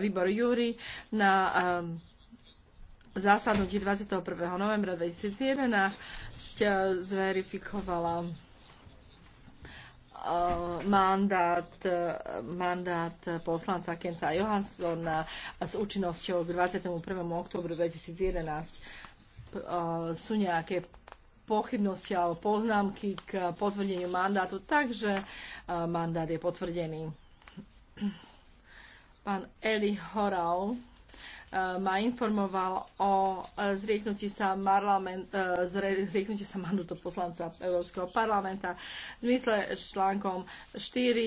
výbor Júri na um, zásadnutí 21. novembra 2011 uh, zverifikovala uh, mandát, uh, mandát poslanca Kenta Johanssona s účinnosťou k 21. oktobru 2011. Sú nejaké pochybnosti alebo poznámky k potvrdeniu mandátu, takže mandát je potvrdený. Pán Eli Horau eh, ma informoval o eh, zrieknutí sa, eh, zrieknutí sa mandutu poslanca Európskeho parlamenta v zmysle článkom 4